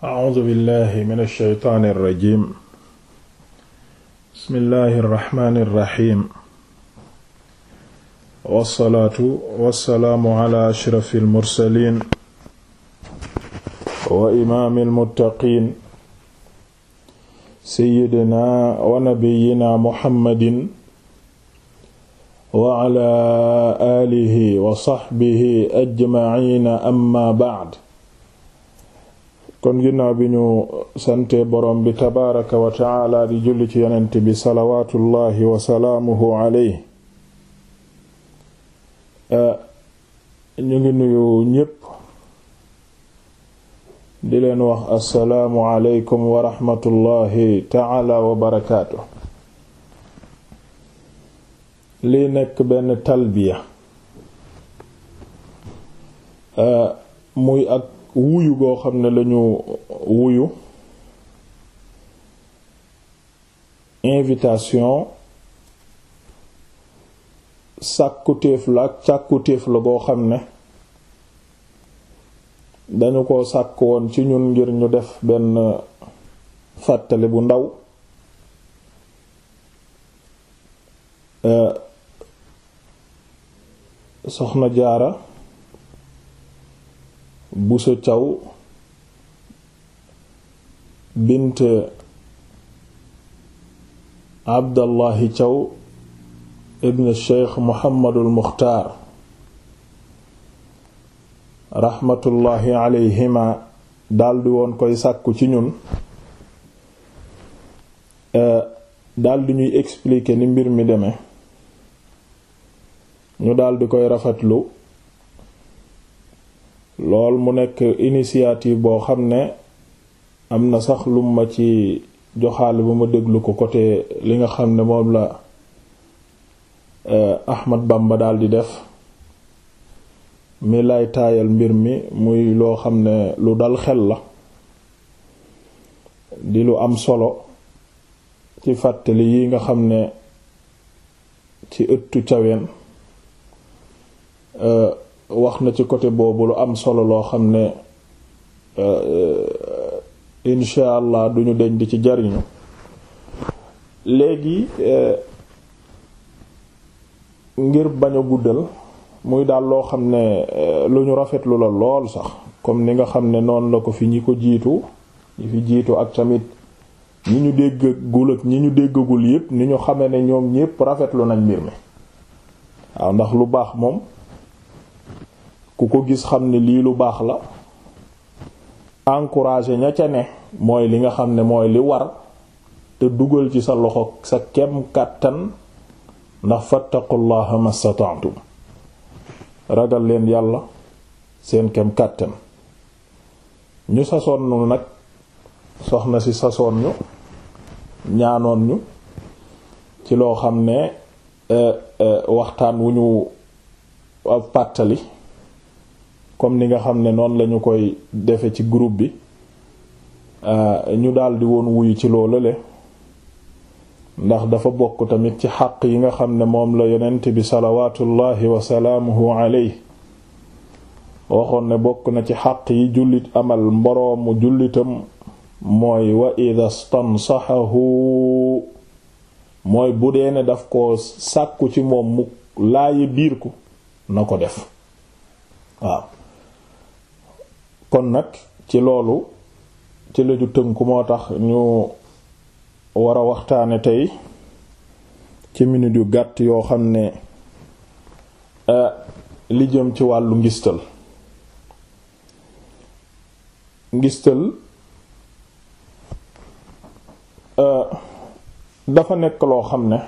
acuudu billahi min alsheytaani alrajim bismillahi arraxmaani irraxim wassalaatu wassalaamu ala ashrafi almursalin wa imaami almuttaqiin seyidinaa wa nabiyinaa muhammadin wa ala aalihi wa saxbihi ajmaciina amma bacd kon ginnaaw bi ñu sante boroom bi tabaaraka wa taala di julli ci yonent bi salawaatullaahi wa salaamuhu alayhi ñu ngi nuyu ñépp di leen wax assalaamu aleykum wa raxmatullaahi taala wa barakaatu lii nekk benn talbiya muy ak wuyu goo xam ne lañu wuyu invitation sàkkutéef la ak càkkutéef la goo xam ne dañu ko sàkk woon ci ñun ngir ñu def benn fàttali bu ndaw euh, soxna jaara busa caw bint abdallahi caw ibn sheikh muhammadul mukhtaar raxmatullaahi alayhima daldi woon koy sàkku ci ñun e, daldi ñuy expliquer ni mbir mi demee ñu daldi koy rafetlu lool mu nekk initiative boo xam ne am na sax lum ma ci joxaale ba ma déglu ko côté li nga xam ne moom la euh, Ahmad Bamba daal di def mi lay taayal mbir mi muy loo xam ne lu dal xel la di lu am solo ci fàttali yi nga xam ne ci ëttu caween euh, wax na ci côté boobu lu am solo loo xam ne euh, euh, incha allah duñu deñ di ci jariñu léegi euh, ngir bañ guddal muy daal loo xam ne lu ñu rafetlu la lool sax comme ni nga xam ne noonu la ko fi ñi ko jiitu ñi fi jiitu ak tamit ñi ñu déggagul ak ñi ñu déggagul yépp ni ñu xame ne ñoom ñépp rafetlu nañ mbir mi waaw ndax lu baax moom ku ko gis xam ne lii lu baax la encourager ña ca ne mooy li nga xam ne mooy li war te dugal ci sa loxo sa kem kàttan ndax fattaqullaha mastata'tum ragal leen yàlla seen kem kàttan ñu sasoon nu nag soxna si sasoon ñu ñaanoon ñu ci loo xam ne eh, eh, waxtaan wu ñu ab pàttali comme ni nga xam ne noonu lañu koy defe ci groupe bi euh, ñu daldi woon wuy ci loolu le ndax dafa bokk tamit ci xaq yi nga xam ne moom la yonent bi salawaatullaahi wa salaamuhu alayhi waxoon ne bokk na ci xaq yi jullit amal mboroomu jullitam mooy wa ida stansaxahu mooy bu dee ne daf ko sàkku ci moom mu laayi biir ko na ko def waaw kon nag ci loolu ci laju tënk moo tax ñu war a waxtaane tey ci minute yu gàtt yoo xam ne euh, li jëm ci wàllu ngistal ngistal euh, dafa nekk loo xam ne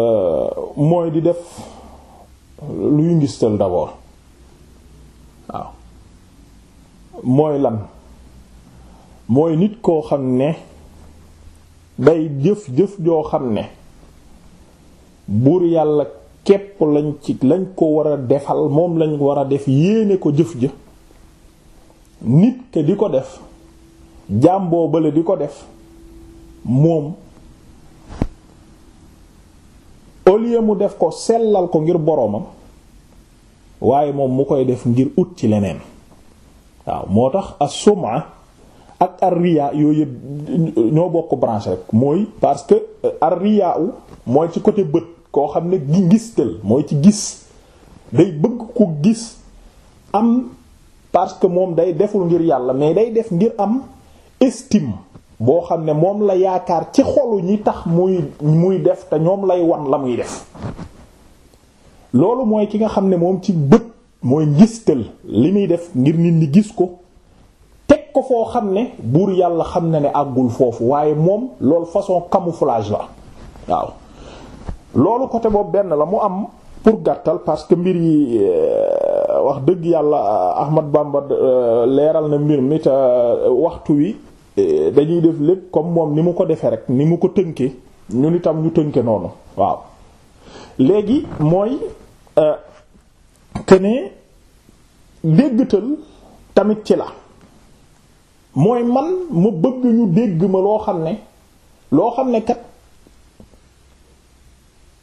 euh, mooy di def luy ngistal d'abord waaw mooy lan mooy nit koo xam ne day jëf jëf joo xam ne buur yàlla képp lañ ci lañ ko war a defal moom lañ war a def yéene ko jëf ja nit ke di ko def jàmboo bale di ko def moom au lieu mu def ko sellal ko ngir boroomam waaye moom mu koy def ngir ut ci leneen waaw moo tax as ak ar-riya yooyu ñoo bokk branche rek mooy parce que euh, ar-riya mooy ci côté bët koo xam ne gi ngistal mooy ci gis day bëgg ku gis am parce que moom day deful ngir yàlla mais day def ngir am estime boo xam ne moom la yaakaar ci xolu ñi tax muy muy def te ñoom lay wan la muy def loolu mooy ki nga xam ne moom ci bët mooy ngistal li muy def ngir nit ñi gis ko teg ko foo xam ne buur yàlla xam na ne àggul foofu waaye moom loolu façon camouflage la waaw loolu côté boobu benn la mu am pour gàttal parce que mbir yi euh, wax dëgg yàlla euh, Ahmad Bamba euh, leeral na mbir mi te waxtu wi dañuy def lépp comme moom ni mu ko defee rek ni mu ko tënkee ñun itam ñu tënke noonu waaw léegi mooy Euh, que ne tamit ci la mooy man ma bëgg ñu dégg ma loo xam ne loo xam ne kat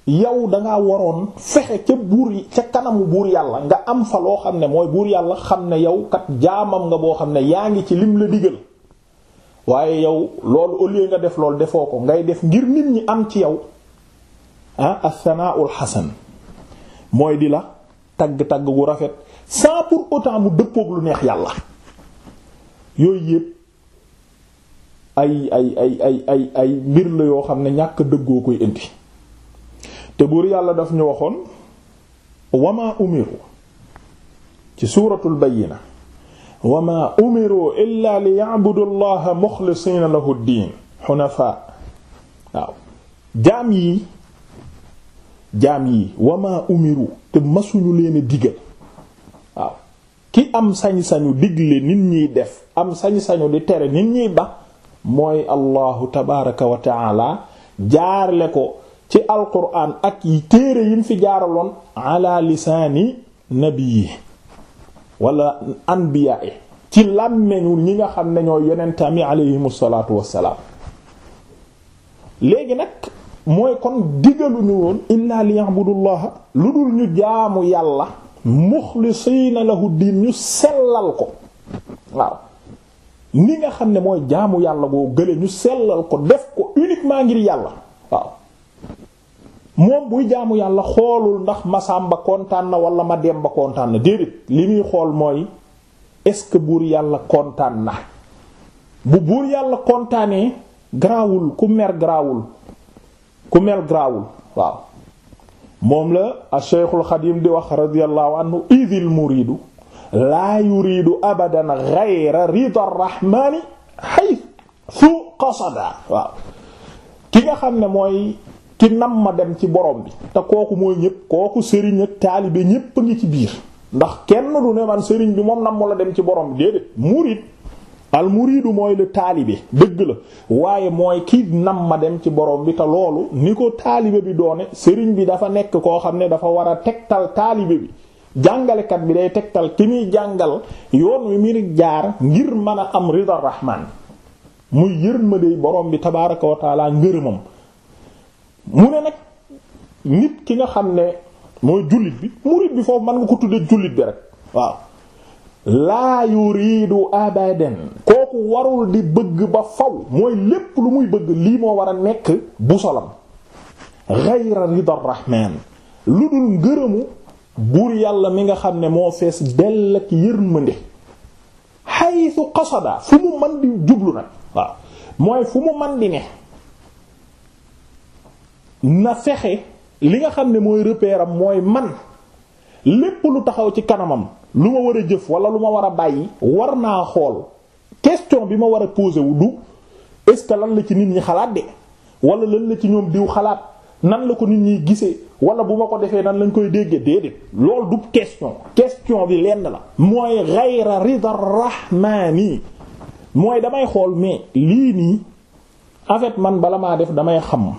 yow dangaa waroon fexe ca buur ca kanamu buur yàlla nga am fa loo xam ne mooy buur yàlla xam ne yow kat jaamam nga boo xam ne yaa ngi ci lim la digal waaye yow loolu au nga def loolu defoo ko ngay def ngir nit ñi am ci yow ah as-sana'ul mooy di la tagg-tagg gu rafet sans pour autant mu lu neex yàlla yooyu yëpp ay ay ay ay mbir la yoo xam ne ñàkk dëggoo koy indi te buur yàlla daf ñu waxoon wama umiru ci suuratul bayyina wama umiru illa li ya'budu allaha muxlisiina lahu diin xunafaa waaw jaam yi jaam yi wama umiru te masuñu leen a digal waaw ki am sañ-sañu digle nit ñiy def am sañ-sañu di tere nit ñiy ba mooy allahu tabaraka wa taala jaarle ko ci alquran ak yi téere yim fi jaaraloon ala lisaani yi wala anbiyaa ci làmmeñu ñi nga xam ne ñooy yonentaami alayhimu salaatu wassalaam léegi nag mooy kon digaluñu woon bu illaa liya'budullaha lu dul ñu jaamu yàlla muxlisiina lahu diin ñu sellal ko waaw ni nga xam ne mooy jaamu yàlla boo gële ñu sellal ko def ko maa ngir yàlla waaw moom buy jaamu yàlla xoolul ndax ma sàmba kontaan na wala ma demba kontaan na déedéet li muy xool mooy est-ce que buur yàlla kontaan na bu buur yàlla kontaanee garaawul ku mer garaawul ku mel grawul waaw moom la a cheikhul xadim di wax radiyallahu anhu idil muridu laa yuridu abadan ghayra rida rahmani haythu qasada waaw ki nga xam ne mooy ki nam ma dem ci borom bi te kooku mooy ñëpp kooku sëriñ ak taalibe ñépp a ngi ci biir ndax kenn du ne man sëriñ bi moom nam mu la dem ci borom bi déedéet murid al muridu mooy le taalibe dëgg la waaye mooy kii nam ma dem ci borom bi te loolu ni ko taalibe bi doone sëriñ bi dafa nekk koo xam ne dafa war a tegtal taalibe bi jàngalekat bi day tegtal ki muy jàngal yoon wi muy jaar ngir mën a am rida rahman muy yërmande borom bi tabaaraka wa taala ngërëmam mu ne nag nit ki nga xam ne mooy jullit bi murid bi foofu mën nga ko tudde jullit bi rek waaw laa yuridu abadan kooku warul di bëgg ba faw mooy lépp lu muy bëgg lii moo war a nekk bu solam ghayra ridar rahman lu dul ngërëmu buur yàlla mi nga xam ne moo fees dell ak yërmande haythu qasada fu mu man di jublu nag mooy fu mu man di ne na fexe li nga xam ne mooy repère mooy man lépp lu taxaw ci kanamam lu ma war a jëf wala lu ma war a bàyyi war naa xool question bi ma war a poser wu du est que lan la ci nit ñi xalaat de wala lan la ci ñoom diw xalaat nan la ko nit ñi gisee wala bu ma ko defee nan lañ koy déggee déedéet loolu du question question bi lenn la mooy ghayra rida rahmaani mooy damay xool mais lii nii en fait man bala maa def damay xam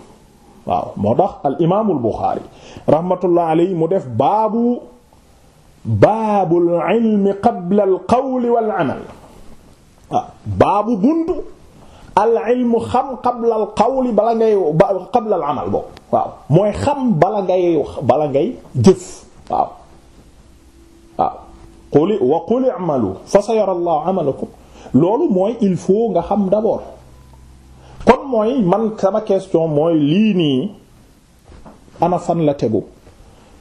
waaw moo tax al imaamul Buxaari rahmatullah alayhi mu def baabu baabul ilmi qabla al qawli wal amal waaw ah, baabu buntu al ilmu xam qabla al qawli bala ngay qabla al amal boobu waaw mooy xam bala ngay bala ngay jëf waaw waaw quli wa quli i'malu fa sayara Allahu 'amalakum loolu mooy il faut nga xam d'abord kon mooy man sama question mooy lii nii ana fan la tegu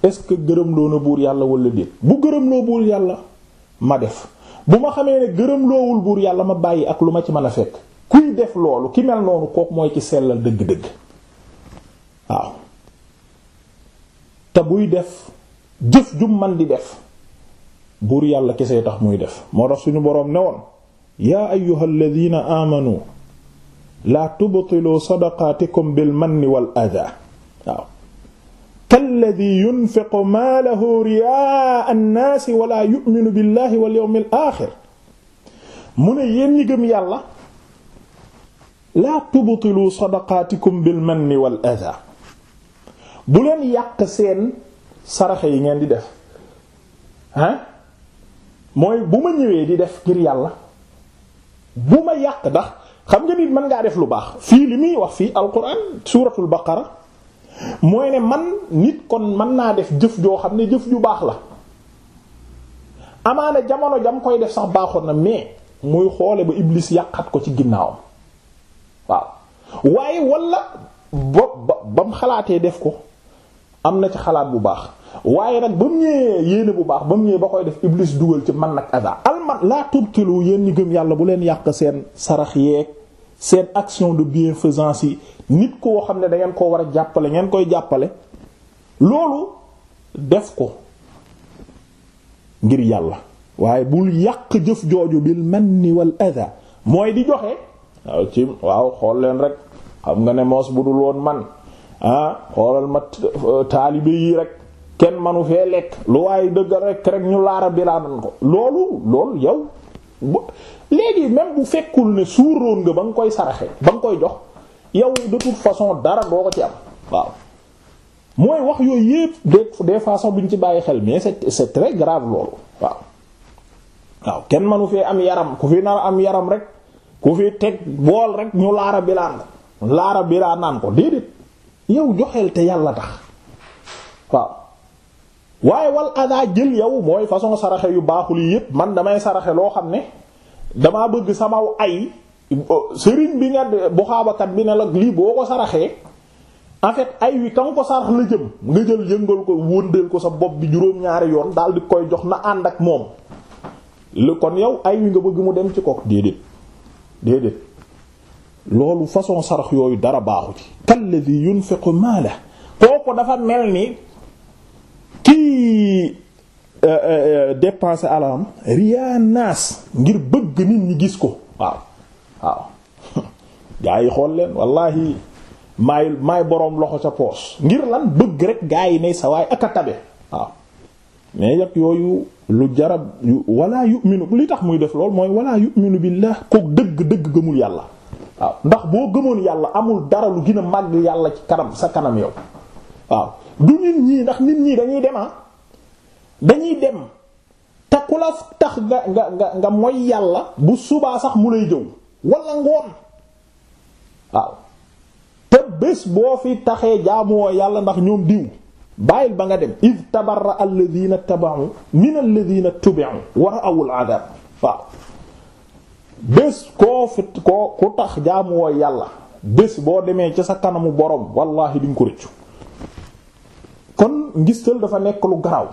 est-ce que gërëmloo buur yàlla wala déet bu gërëmloo buur yàlla ma def bu ma xamee ne gërëmloowul buur yàlla ma bàyyi ak lu ma ci mën a fekk kuy def loolu ki mel noonu kooku mooy ci sellal dëgg-dëgg waaw te buy def jëf jum man di def buur yàlla kese tax muy def moo tax suñu boroom ne woon yaa ayyuhal ladina amanu laa tubtilu sadaqatikum bil wal adha waaw kalladi yunfiqu maalahu riyaa annaasi wala yu'minu billahi wal yawmil aaxir mu ne yéen ñi gëm yàlla laa tubtilu sadaqaatikum bil manni wal adaa bu leen yàq seen saraxe yi ngeen di def ah mooy bu ma ñëwee di def ngir yàlla bu ma yàq ndax xam nga nit mën ngaa def lu baax fii li muy wax fii alquran suuratul baqara mooy ne man nit kon mën naa def jëf joo xam ne jëf ju baax la amaana jamono jam koy def sax baaxoon na mais muy xoole ba iblis yàqat ko ci ginnaawam waaw waaye wala ba ba mu xalaatee def ko am na ci xalaat bu baax waaye nag ba mu ñëwee yéene bu baax ba mu ñëwee ba koy def iblis dugal ci man nag aza alman laa tubtilu yéen ñi gëm yàlla bu leen yàq seen sarax yeeg seen action de bienfaisance yi nit koo xam ne da ngeen koo war a jàppale ngeen koy jàppale loolu def ko ngir yàlla waaye bul yàq jëf jooju bil manni wal adha mooy di joxe waaw ci waaw xool leen rek xam nga ne moos bu dul woon man ah xoolal ma euh, taalibe yi rek kenn manu fee lekk lu waaye dëgga rek rek ñu laara biraanan ko loolu loolu yow léegi même bu fekkul ne suuroon nga ba nga koy saraxe ba nga koy jox yow de toute façon dara doo ko ci am waaw mooy wax yooyu yépp des des fois sax ci bàyyi xel mais c'est c'est très grave loolu waaw kenn mënu fee am yaram ku fi nar am yaram rek ku fi teg bool rek ñu laara bilaan laara bilaan naan ko déedéet yow joxeel te yàlla tax waaw waaye wal adaa jël yow mooy façon saraxe yu baaxul yi yépp man damay saraxe loo xam ne damaa bëgg samaw ay oh, sëriñ bi nga buxaabakat bi ne la lii boo ko saraxee en fait ay wi kan ko sarax la jëm nga jël yëngal ko wëndeel ko sa bopp bi juróom-ñaari yoon daal di koy jox na ànd ak moom lu kon yow ay wi nga bëgg mu dem ci kook déedéet déedéet loolu façon sarax yooyu dara baaxu ci kalladhi yunfiqu maala kooku dafa mel ni kii Euh, euh, euh, dépenser alalam riyaa naas ngir bëgg nit ñi gis ko waaw waaw gaa yi xool leen wallahi may may boroom loxo sa poos ngir lan bëgg rek gaa yi ne sa waay ak a tabe waaw mais yëpp yooyu lu jarab yu walla yu'minu li tax muy def lool mooy walla yu'minu billah ko dëgg dëgg gëmul yàlla waaw ndax boo gëmoon yàlla amul dara lu gën a yàlla ci kanam sa kanam yow waaw du nit ñi ndax nit ñi dañuy dem ah. dañuy dem te ku la tax nga nga nga mooy yàlla bu subaa sax mu lay jëw walla ngoon waaw te bés boo fi taxee jaamuwoo yàlla ndax ñoom diw bàyyil ba nga dem id tabarra alladina tabaau min alladina tubiu war a awul adab waaw bés koo fi koo ku tax jaamuwoo yàlla bés boo demee ci sa kanamu borom wallahi di nga ko rëccu kon ngistal dafa nekk lu garaaw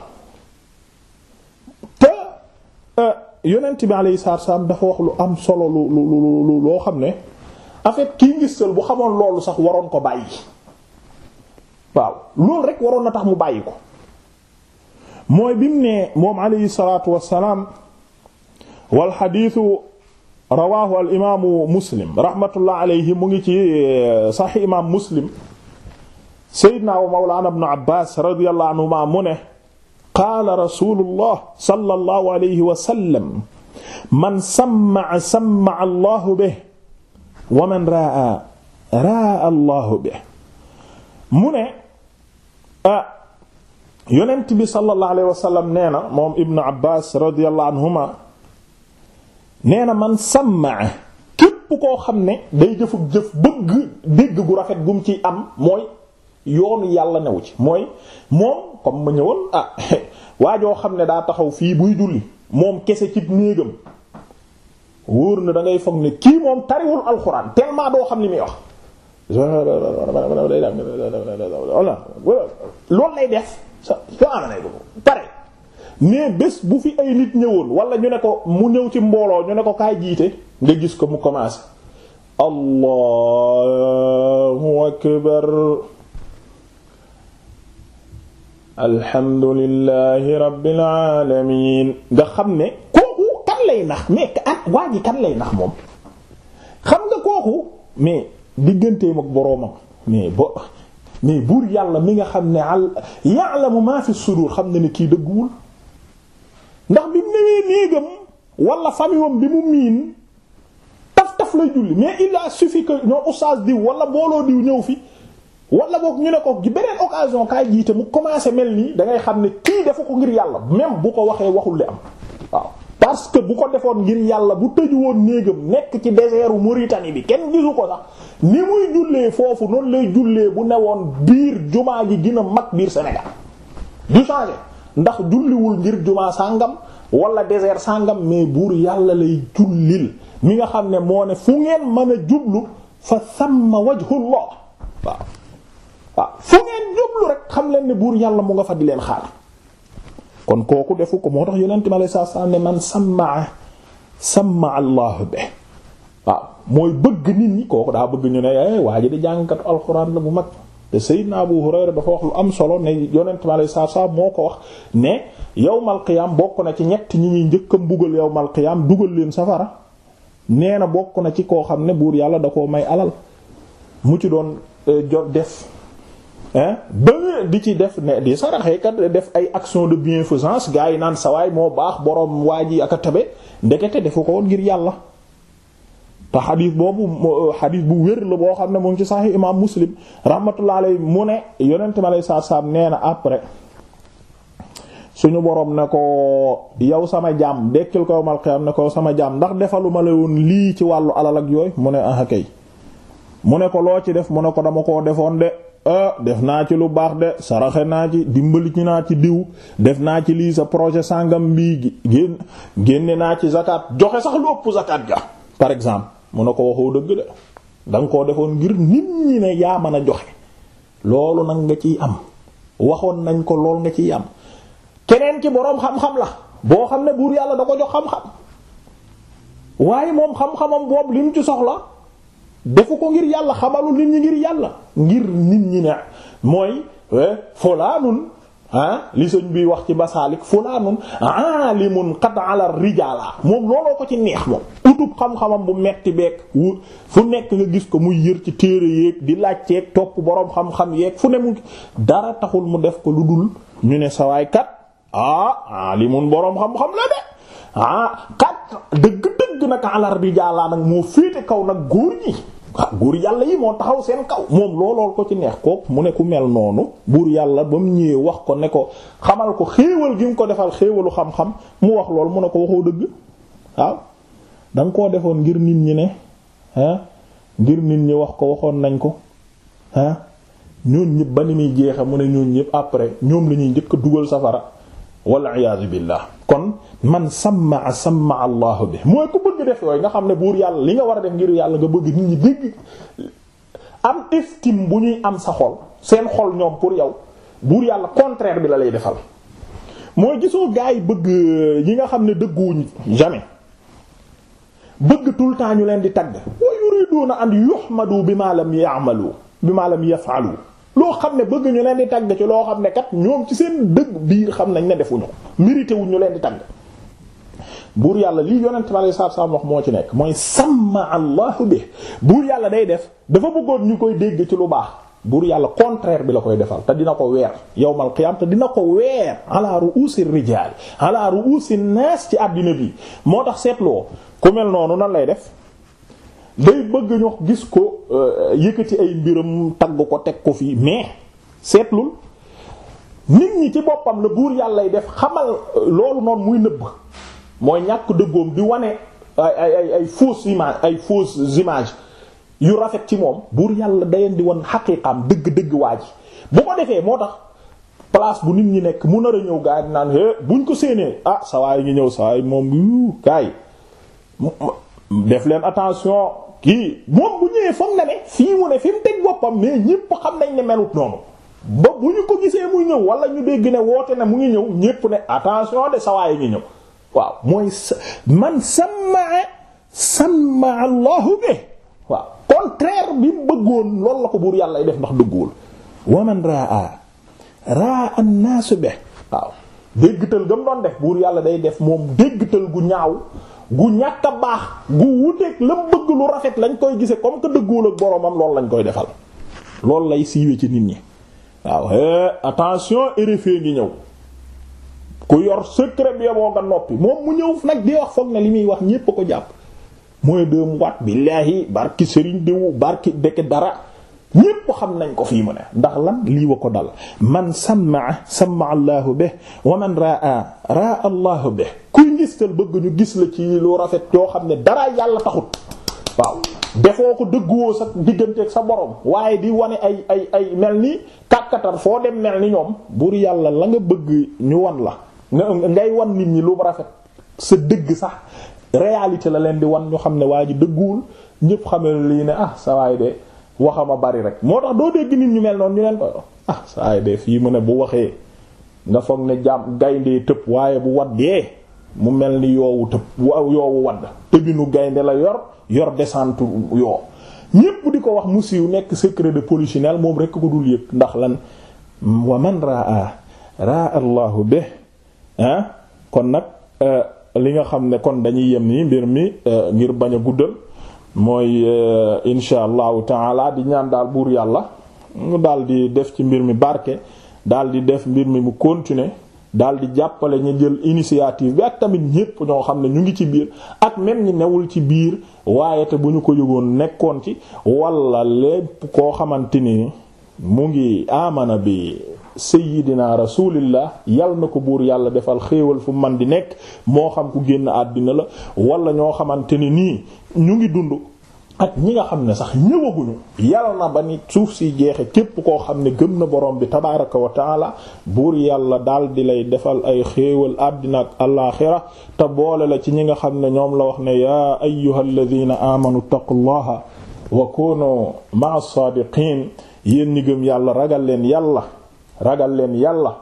yonent bi alayhi salaam dafa wax lu am solo lu lu loo xam ne en fait kii ngistal bu xamoon loolu sax waroon ko bàyyi waaw loolu rek waroon na tax mu bàyyi ko mooy bi mu ne moom alayhi salaatu wassalaam wal xadiisu rawaahu al muslim rahmatullah alayhi mu ngi ci eh, saxi imaam muslim Seydina wa Mawlaana ibnu Abbaas radiyallahu anhumaa mu qaala rasulullah sallallahu alayhi wa sallam man samma'a samma'a allahu bihi wa man raa raa allahu bihi mu ne ah yonent bi sallallahu alayhi wa sallam nee na moom Ibn Abbas radiyallahu anhuma nee na man samma'a képp koo xam ne day jëfug jëf bëgg dégg gu rafet gum ci am mooy yoonu yàlla newu ci mooy moom comme ma ñëwoon ah waa joo xam ne daa taxaw fii buy julli moom kese ci néegam wóor na da foog ni kii moom tariwul alxuraan tellement doo xam li muy wax loolu lay def pare mais bés bu fi ay nit ñëwoon wala ñu ne ko mu ñëw ci mbooloo ñu ne ko kaay jiite nga gis ko mu commencé allahu akbar alhamdulillahi rabbil alamin nga xam ne kooku kan lay nax mais an waa ji kan lay nax moom xam nga kooku mais digganteem ak boroomam mais bo mais buur yàlla mi nga xam ne al ya'lamu ma fi sudur xam ne ne kii dëgguwul ndax bi mu newee néegam wala famille bi mu miin taf taf lay julli mais il a suffi que ñoo oustaz diw wala booloo diw ñëw fi wala boog ñu ne ko gi beneen occasion kaay jiite mu commencé mel nii da ngay xam ne kii dafa ko ngir yàlla même bu ko waxee waxul li am waaw parce que bu ko defoon ngir yàlla bu tëju woon néegam nekk ci désertu Mauritanie bi kenn gisu ko sax ni muy jullee foofu noonu lay jullee bu newoon biir jumaa ji gën mag biir Sénégal du changé ndax julliwul ngir jumaa sàngam wala désert sàngam mais buur yàlla lay jullil mi nga xam ne moo ne fu ngeen ma a jublu fa samma waaw fu ngeen jublu rek xam leen ne buur yàlla mu nga fa di leen xaar kon kooku defu ko moo tax yonent mi alayhi salaam ne man sammaa sammaa Allahu be waaw mooy bëgg nit ñi kooku daa bëgg ñu ne eh, waa ji di jàngkatu alxuraan la bu mag te Seydina Abu Hurayra dafa wax lu am solo ne yonent mi alayhi salaam moo ko wax ne yow yawmal qiyaam bokk na ci ñett ñi ñuy njëkk a mbugal yawmal qiyaam dugal leen safara nee na bokk na ci koo xam ne buur yàlla da koo may alal mu ci doon eh, jot def. ba di ci def ne di saraxee kat def ay action de bienfaisance gaa yi naan sawaay moo baax boroom waa ji ak a tabe ndekete defu ko woon ngir yàlla te xadiis boobu euh, xadiis bu wér la boo xam ne mu ngi ci saxi imam muslim rahmatullah alay ne yonent ma lay saa saam nee na après suñu borom ne ko yow sama jaam dekkil ko yowmal qiyaam ne ko sama jaam ndax defaluma la woon lii ci wàllu alal ak yooyu mu ne ah mu ne ko loo ci def mu ne ko dama koo defoon de ah def naa ci lu baax de saraxe naa ci dimbali ci naa ci diw def naa ci lii sa projet sàngam bii génn génne naa ci zakat joxe sax lu ëpp zakat ga par exemple mu ne ko waxoo dëgg de da koo defoon ngir nit ñi ne yaa mën a joxe loolu nag nga ci am waxoon nañ ko lool nga ci am keneen ci boroom xam-xam la boo xam ne buur yàlla da ko jox xam-xam waaye moom xam-xamam boobu li mu ci soxla defu ko ngir yàlla xamalu nit ñi ngir yàlla ngir nit ñi ne mooy eh, fulaanun ah li sëñ bi wax ci basaalik fulaanun aalimun qad ala rijaala moom looloo ko ci neex moom utub xam-xamam bu metti beek fu nekk nga gis ko muy yër ci téere yéeg di laajteeg topp boroom xam-xam yeeg fu ne mu dara taxul mu def ko lu dul ñu ne sawaay kat ah aalimun boroom xam-xam la de ah kat dëgg dëgg nag alar bi jaalaa nag moo féete kaw nag góor ñi waaw ah góor yàlla yi moo taxaw seen kaw moom loolool ko ci neex kook mu ne ku mel noonu buur yàlla ba mu ñëwee wax ko ne ko xamal ko xéewal gi nga ko defal xéewalu xam-xam mu wax lool mu ne ko waxoo dëgg waaw da nga koo defoon ngir nit ñi ne ngir nit ñi wax ko waxoon nañ ko ah ñoon ñëpp ba ni muy jeexe mu ne ñoon ñëpp après ñoom la ñuy njëkk dugal safara wal iyaazu billah kon man sammaa sammaa allahu bi mooy ku bëgg def yooyu nga xam ne buur yàlla li nga war a def ngir yàlla nga bëgg nit ñi dégg am estime bu ñuy am sa xol seen xol ñoom pour yow buur yàlla contraire bi la lay defal mooy gisoo gaa yi bëgg ñi nga xam ne dëgguwuñ jamais bëgg tout le temps ñu leen di tagg wa yuriduna an yuhmadu bima lam ya'malu bima lam yaf'alu loo xam ne bëgg ñu leen di tagg ci loo xam ne kat ñoom ci seen dëgg biir xam nañ ne defuñu ko mérité ñu leen di tagg buur yàlla lii yonent ma lay saab saab wax moo ci nekk mooy sàmma allahu bi buur yàlla day def dafa bëggoon ñu koy dégg ci lu baax buur yàlla contraire bi la koy defal te dina ko weer yawmal qiyaam te dina ko weer ala ru'usi rijaal ala ru'usi nees ci àddina bi moo tax seetloo ku mel noonu nan lay def day bëgg ñu gis ko euh, yëkkati ay mbiram tagg ko teg ko fii mais seetlul nit ñi ci boppam la buur yàlla def xamal euh, loolu noonu muy nëbb mooy ñàkk dëggoom bi wane ay ay ay ay fausses ay fausses images yu rafet ci moom buur yàlla dayen di wan xaqiiqaam dëgg-dëgg waa ji bu ko defee moo tax place bu nit ñi nekk mu nar a ñëw gaa yi naan é eh, buñ ko séenee ah sawaay ñu ñëw sawaay moom yu def leen attention kii moom bu ñëwee foog na ne fii mu ne fi mu teg boppam mais ñépp xam nañ ne melut noonu ba bu ñu ko gisee muy ñëw wala ñu dégg ne woote na mu ngi ñëw ñépp ne attention de sawaay ñu ñëw waaw mooy man samaa samaa allahu bi waaw contraire bi mu bëggoon loolu la ko buur yàlla def ndax dëgguwul waman raa raa an-naas bi waaw déggtal gam doon def buur yàlla day def moom déggtal gu ñaaw gu ñàkk a baax gu wuteeg la bëgg lu rafet lañ koy gisee comme que dëggool ak boromam loolu lañ koy defal loolu lay siiwee ci nit ñi waaw hé attention RFA ngi ñëw ku yor secret bi yoboo nga noppi moom mu ñëw nag di wax foog na li muy wax ñépp a ko jàpp mooy dëm waat billaahi barki sëriñ diwu barki dëkk dara ñépp xam nañ ko fii mu ne ndax lan lii wa ko dal man sammaa sammaa allahu be wa man raa allahu be kuy ngistal bëgg ñu gis la ci lu rafet yoo xam ne dara yàlla taxut waaw defoo ko dëgguwoo sa digganteeg sa borom waaye di wane ay ay ay mel ni kàkkatar foo dem mel ni ñoom buur yàlla la nga bëgg ñu wan la ngay wan nit ñi lu rafet sa dëgg sax réalité la leen di wan ñu xam ne waa ji dëgguwul ñépp xamee lii ne ah sa waay de waxama bari rek moo tax doo dégg nit ñu mel noonu ñu leen ah saa de fii mu ne bu waxee nga foog ne jaam gayndee tëb waaye bu waddee mu mel ni yoowu tëb yoowu wadd tëbinu gaynde la yor yor descente yoo ñépp di ko wax mu siiw nekk secret de polichinelle moom rekk ko dul yëg ndax lan wa man raa raa allahu be ah kon nag euh, li nga xam ne kon dañuy yem ni mbir mi euh, ngir bañ a guddal mooy eh, insha allahu taala di ñaan daal buur yàlla mu daal di def ci mbir mi barke daal di def mbir mi mu continuer daal di jàppale ñu jël initiative bi ak tamit ñépp ñoo xam ne ñu ngi ci biir ak même ñi newul ci biir waaye te bu ñu ko yëgoon nekkoon ci wala lépp koo xamante ni mu ngi amana bi sayyidina rasulillah yal na ko buur yàlla defal xéewal fu man di nekk moo xam ku génn àddina la walla ñoo xamante ni nii ñu ngi dund ak ñi nga xam ne sax ñëwaguñu yal na ba ni suuf si jeexe képp koo xam ne gëm na borom bi tabaraka wa taala buur yàlla daal di lay defal ay xéewal àddina ak alaaxira te boole la ci ñi nga xam ne ñoom la wax ne yaa ayyuhal ladina amanu taqullaha wa kunu ma'as saadiqin yéen ñi gëm yàlla ragal leen yàlla ragal leen yàlla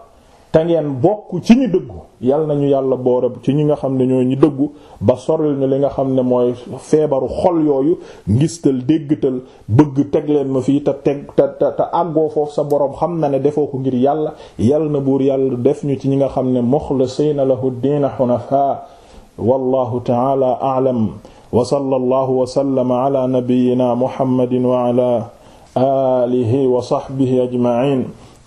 te ngeen bokk ci ñi dëggu yal nañu yàlla boore ci ñi nga xam ne ñoo ñi dëggu ba soril ñu li nga xam ne mooy feebaru xol yooyu ngistal déggtal bëgg teg leen ma fii te teg te àggoo foofu sa boroom xam na ne defoo ko ngir yàlla yal na buur yàlla def ñu ci ñi nga xam ne muxlisiina lahu diina xunafa wallahu taala alam wa sallallahu wa sallama ala nabiyyina muhammadin wa ala alihi wa sahbihi ajma'in